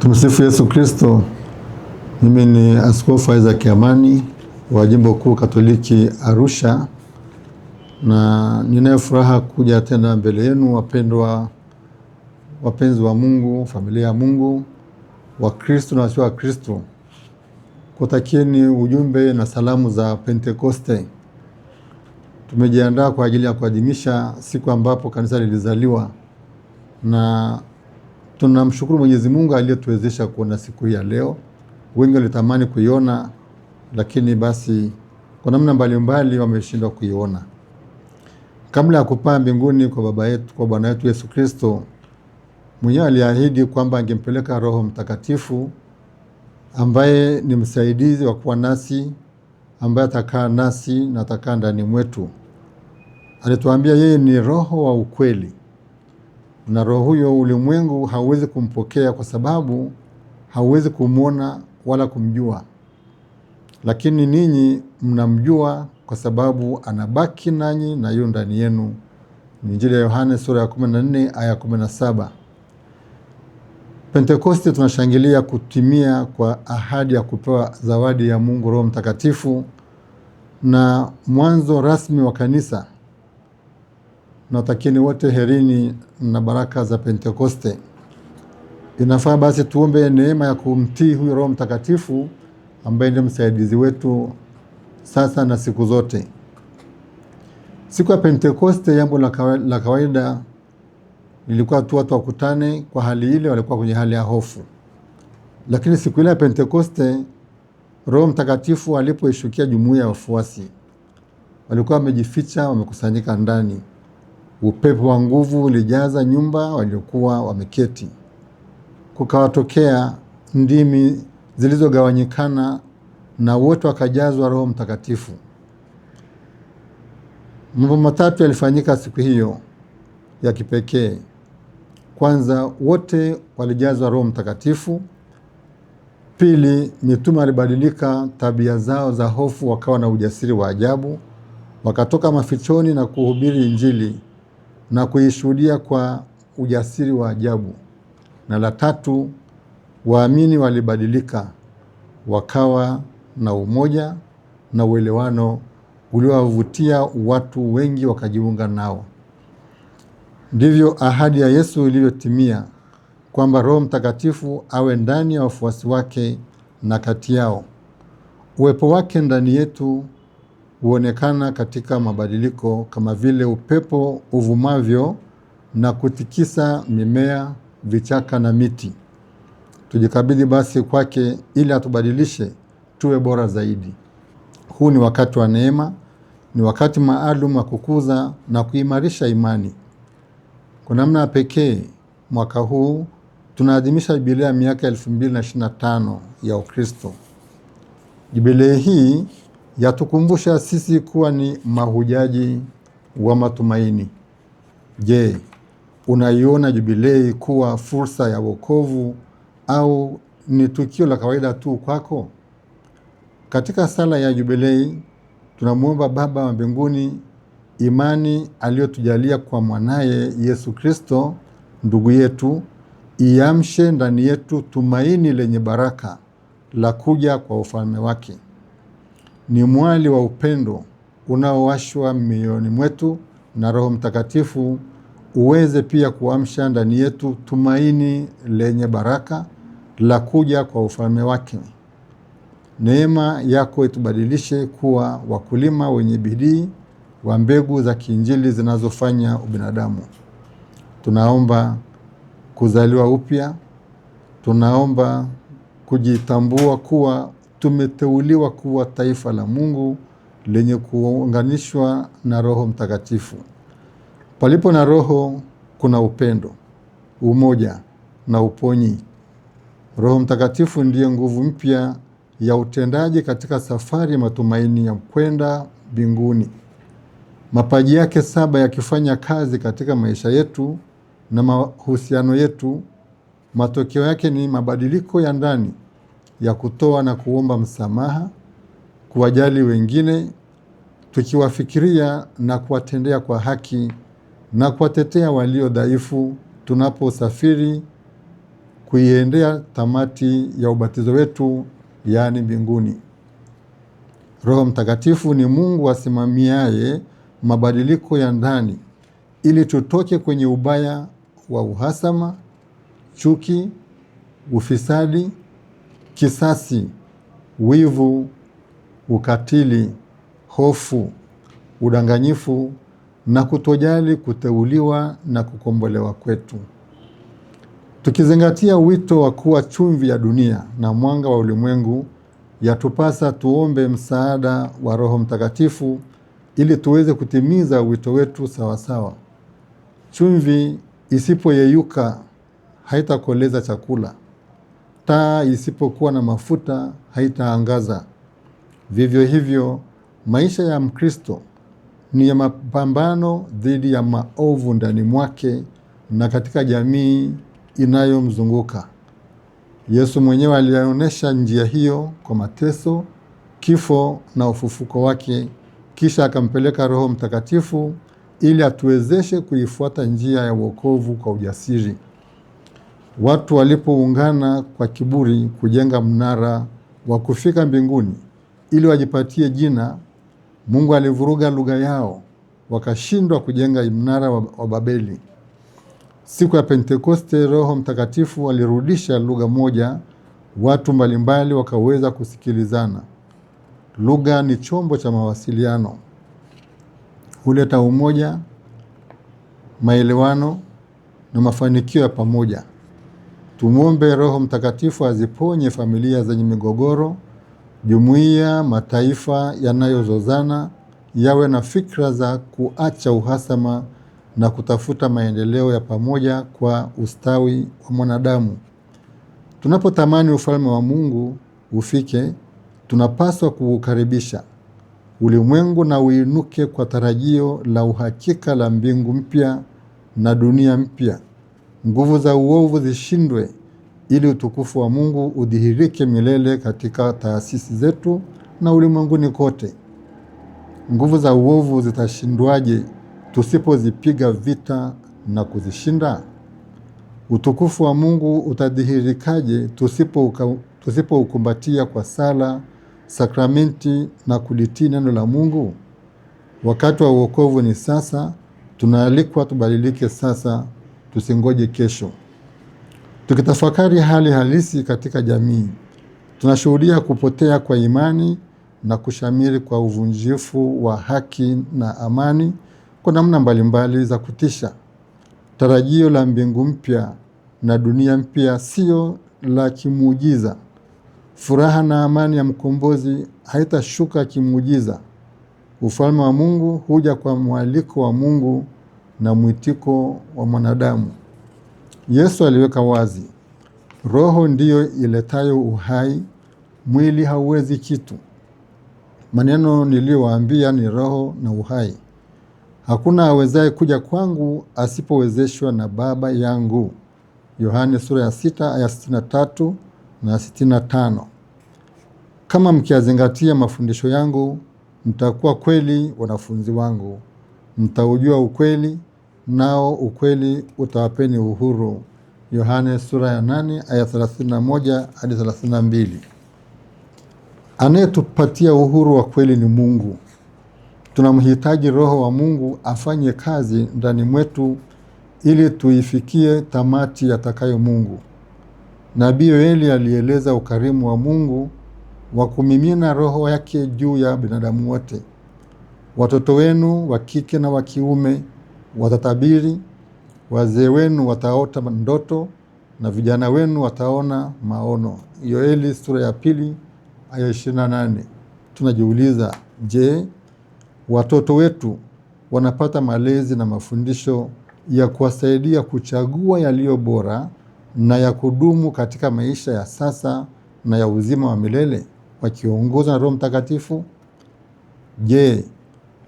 Tumsifu Yesu Kristo. Mimi ni Askofu Isaac Amani wa Jimbo Kuu Katoliki Arusha, na ninayo furaha kuja tena mbele yenu wapendwa, wapenzi wa Mungu, familia ya Mungu, Kristo na wasio Kristo, kutakieni ujumbe na salamu za Pentekoste. Tumejiandaa kwa ajili ya kuadhimisha siku ambapo kanisa lilizaliwa na Tunamshukuru Mwenyezi Mungu aliyetuwezesha kuona siku hii ya leo. Wengi walitamani kuiona, lakini basi kwa namna mbalimbali wameshindwa kuiona. Kabla ya kupaa mbinguni kwa baba yetu, kwa Bwana wetu Yesu Kristo mwenyewe aliahidi kwamba angempeleka Roho Mtakatifu ambaye ni msaidizi wa kuwa nasi, ambaye atakaa nasi na atakaa ndani mwetu. Alituambia yeye ni Roho wa ukweli na roho huyo ulimwengu hauwezi kumpokea kwa sababu hauwezi kumwona wala kumjua, lakini ninyi mnamjua kwa sababu anabaki nanyi na yu ndani yenu. Ni Injili ya Yohane sura ya 14 aya 17. Pentekoste tunashangilia kutimia kwa ahadi ya kupewa zawadi ya Mungu Roho Mtakatifu na mwanzo rasmi wa kanisa Natakieni wote herini na baraka za Pentekoste. Inafaa basi tuombe neema ya kumtii huyo Roho Mtakatifu ambaye ndiye msaidizi wetu sasa na siku zote. Siku ya Pentekoste, jambo la kawaida lilikuwa tu watu wakutane kwa hali ile, walikuwa kwenye hali ya hofu. Lakini siku ile ya Pentekoste, Roho Mtakatifu alipoishukia jumuiya ya wafuasi, walikuwa wamejificha, wamekusanyika ndani Upepo wa nguvu ulijaza nyumba waliokuwa wameketi. Kukawatokea ndimi zilizogawanyikana na wote wakajazwa Roho Mtakatifu. Mambo matatu yalifanyika siku hiyo ya kipekee. Kwanza, wote walijazwa Roho Mtakatifu. Pili, mitume walibadilika tabia zao za hofu, wakawa na ujasiri wa ajabu, wakatoka mafichoni na kuhubiri Injili na kuishuhudia kwa ujasiri wa ajabu. Na la tatu, waamini walibadilika wakawa na umoja na uelewano uliowavutia watu wengi wakajiunga nao. Ndivyo ahadi ya Yesu ilivyotimia kwamba Roho Mtakatifu awe ndani ya wafuasi wake na kati yao. Uwepo wake ndani yetu huonekana katika mabadiliko kama vile upepo uvumavyo na kutikisa mimea, vichaka na miti. Tujikabidhi basi kwake ili atubadilishe tuwe bora zaidi. Huu ni wakati wa neema, ni wakati maalum wa kukuza na kuimarisha imani. Kwa namna ya pekee, mwaka huu tunaadhimisha jubilei ya miaka 2025 ya Ukristo. Jubilei hii yatukumbusha sisi kuwa ni mahujaji wa matumaini. Je, unaiona jubilei kuwa fursa ya wokovu au ni tukio la kawaida tu kwako? Katika sala ya jubilei tunamwomba Baba wa mbinguni imani aliyotujalia kwa mwanaye Yesu Kristo ndugu yetu iamshe ndani yetu tumaini lenye baraka la kuja kwa ufalme wake ni mwali wa upendo unaowashwa mioyoni mwetu na Roho Mtakatifu uweze pia kuamsha ndani yetu tumaini lenye baraka la kuja kwa ufalme wake. Neema yako itubadilishe kuwa wakulima wenye bidii wa mbegu za kiinjili zinazofanya ubinadamu. Tunaomba kuzaliwa upya, tunaomba kujitambua kuwa tumeteuliwa kuwa taifa la Mungu lenye kuunganishwa na Roho Mtakatifu. Palipo na Roho kuna upendo, umoja na uponyi. Roho Mtakatifu ndiye nguvu mpya ya utendaji katika safari ya matumaini ya kwenda mbinguni. Mapaji yake saba yakifanya kazi katika maisha yetu na mahusiano yetu, matokeo yake ni mabadiliko ya ndani ya kutoa na kuomba msamaha, kuwajali wengine, tukiwafikiria na kuwatendea kwa haki na kuwatetea walio dhaifu tunaposafiri kuiendea tamati ya ubatizo wetu, yaani mbinguni. Roho Mtakatifu ni Mungu asimamiaye mabadiliko ya ndani ili tutoke kwenye ubaya wa uhasama, chuki, ufisadi, Kisasi, wivu, ukatili, hofu, udanganyifu na kutojali kuteuliwa na kukombolewa kwetu. Tukizingatia wito wa kuwa chumvi ya dunia na mwanga wa ulimwengu, yatupasa tuombe msaada wa Roho Mtakatifu ili tuweze kutimiza wito wetu sawasawa. Chumvi isipoyeyuka haitakoleza chakula, Taa isipokuwa na mafuta haitaangaza. Vivyo hivyo, maisha ya Mkristo ni ya mapambano dhidi ya maovu ndani mwake na katika jamii inayomzunguka. Yesu mwenyewe alionyesha njia hiyo kwa mateso, kifo na ufufuko wake, kisha akampeleka Roho Mtakatifu ili atuwezeshe kuifuata njia ya wokovu kwa ujasiri watu walipoungana kwa kiburi kujenga mnara wa kufika mbinguni ili wajipatie jina, Mungu alivuruga lugha yao, wakashindwa kujenga mnara wa Babeli. Siku ya Pentekoste, Roho Mtakatifu alirudisha lugha moja, watu mbalimbali wakaweza kusikilizana. Lugha ni chombo cha mawasiliano, huleta umoja, maelewano na mafanikio ya pamoja. Tumwombe Roho Mtakatifu aziponye familia zenye migogoro, jumuiya, mataifa yanayozozana yawe na fikra za kuacha uhasama na kutafuta maendeleo ya pamoja kwa ustawi wa mwanadamu. Tunapotamani ufalme wa Mungu ufike, tunapaswa kuukaribisha. Ulimwengu na uinuke kwa tarajio la uhakika la mbingu mpya na dunia mpya nguvu za uovu zishindwe, ili utukufu wa Mungu udhihirike milele katika taasisi zetu na ulimwenguni kote. Nguvu za uovu zitashindwaje tusipozipiga vita na kuzishinda? Utukufu wa Mungu utadhihirikaje tusipoukumbatia kwa sala, sakramenti na kulitii neno la Mungu? Wakati wa uokovu ni sasa. Tunaalikwa tubadilike sasa tusingoje kesho. Tukitafakari hali halisi katika jamii, tunashuhudia kupotea kwa imani na kushamiri kwa uvunjifu wa haki na amani kwa namna mbalimbali za kutisha. Tarajio la mbingu mpya na dunia mpya sio la kimuujiza. Furaha na amani ya mkombozi haitashuka kimuujiza. Ufalme wa Mungu huja kwa mwaliko wa Mungu na mwitiko wa mwanadamu. Yesu aliweka wazi, roho ndiyo iletayo uhai, mwili hauwezi kitu. Maneno niliyowaambia ni roho na uhai. Hakuna awezaye kuja kwangu asipowezeshwa na Baba yangu. Yohane sura ya sita aya na tatu na tano. Kama mkiyazingatia mafundisho yangu, mtakuwa kweli wanafunzi wangu, mtaujua ukweli nao ukweli utawapeni uhuru. Yohane sura ya 8 aya 31 hadi 32. Anayetupatia uhuru wa kweli ni Mungu. Tunamhitaji Roho wa Mungu afanye kazi ndani mwetu ili tuifikie tamati yatakayo Mungu. Nabii Yoeli alieleza ukarimu wa Mungu wa kumimina Roho yake juu ya binadamu wote. Watoto wenu wa kike na wa kiume watatabiri, wazee wenu wataota ndoto na vijana wenu wataona maono. Yoeli sura ya pili aya ishirini na nane. Tunajiuliza, je, watoto wetu wanapata malezi na mafundisho ya kuwasaidia kuchagua yaliyo bora na ya kudumu katika maisha ya sasa na ya uzima wa milele wakiongozwa na Roho Mtakatifu? Je,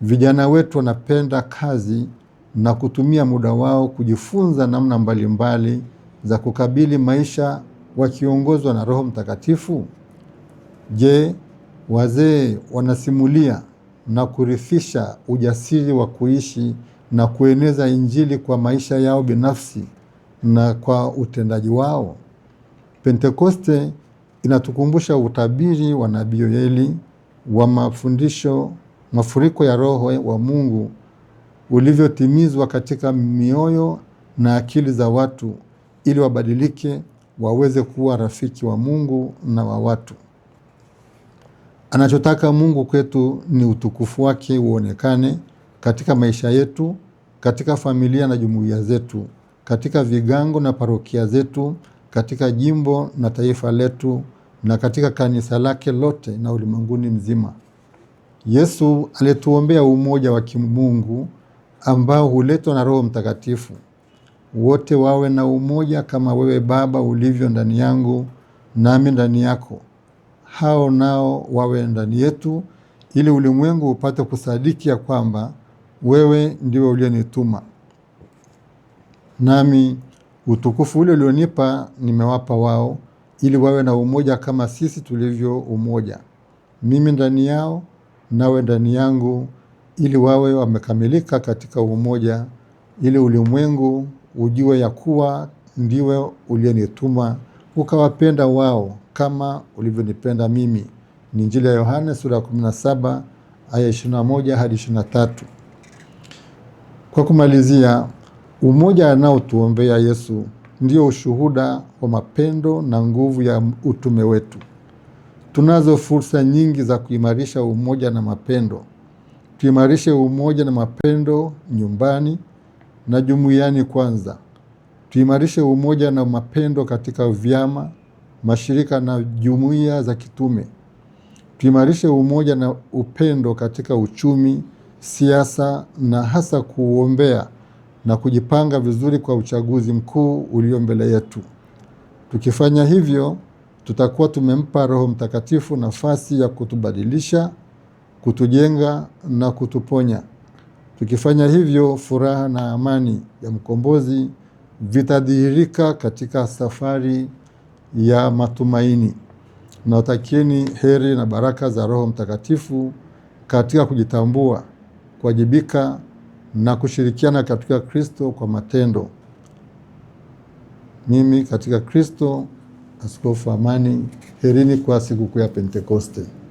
vijana wetu wanapenda kazi na kutumia muda wao kujifunza namna mbalimbali za kukabili maisha wakiongozwa na Roho Mtakatifu? Je, wazee wanasimulia na kurithisha ujasiri wa kuishi na kueneza Injili kwa maisha yao binafsi na kwa utendaji wao? Pentekoste inatukumbusha utabiri wa nabii Yoeli wa mafundisho mafuriko ya Roho wa Mungu ulivyotimizwa katika mioyo na akili za watu ili wabadilike waweze kuwa rafiki wa Mungu na wa watu. Anachotaka Mungu kwetu ni utukufu wake uonekane katika maisha yetu, katika familia na jumuiya zetu, katika vigango na parokia zetu, katika jimbo na taifa letu, na katika kanisa lake lote na ulimwenguni mzima. Yesu alituombea umoja wa kimungu ambao huletwa na Roho Mtakatifu, wote wawe na umoja kama wewe Baba ulivyo ndani yangu nami ndani yako, hao nao wawe ndani yetu, ili ulimwengu upate kusadiki ya kwamba wewe ndiwe ulionituma. Nami utukufu ule ulionipa nimewapa wao, ili wawe na umoja kama sisi tulivyo umoja, mimi ndani yao nawe ndani yangu ili wawe wamekamilika katika umoja, ili ulimwengu ujue ya kuwa ndiwe uliyenituma ukawapenda wao kama ulivyonipenda mimi. Ni Injili ya Yohane sura ya 17 aya 21 hadi 23. Kwa kumalizia, umoja anaotuombea Yesu ndio ushuhuda wa mapendo na nguvu ya utume wetu. Tunazo fursa nyingi za kuimarisha umoja na mapendo tuimarishe umoja na mapendo nyumbani na jumuiani kwanza. Tuimarishe umoja na mapendo katika vyama, mashirika na jumuiya za kitume. Tuimarishe umoja na upendo katika uchumi, siasa na hasa kuombea na kujipanga vizuri kwa uchaguzi mkuu ulio mbele yetu. Tukifanya hivyo, tutakuwa tumempa Roho Mtakatifu nafasi ya kutubadilisha kutujenga na kutuponya. Tukifanya hivyo, furaha na amani ya mkombozi vitadhihirika katika safari ya matumaini. Nawatakieni heri na baraka za Roho Mtakatifu katika kujitambua, kuwajibika na kushirikiana katika Kristo kwa matendo. Mimi katika Kristo, Askofu Amani. Herini kwa sikukuu ya Pentekoste.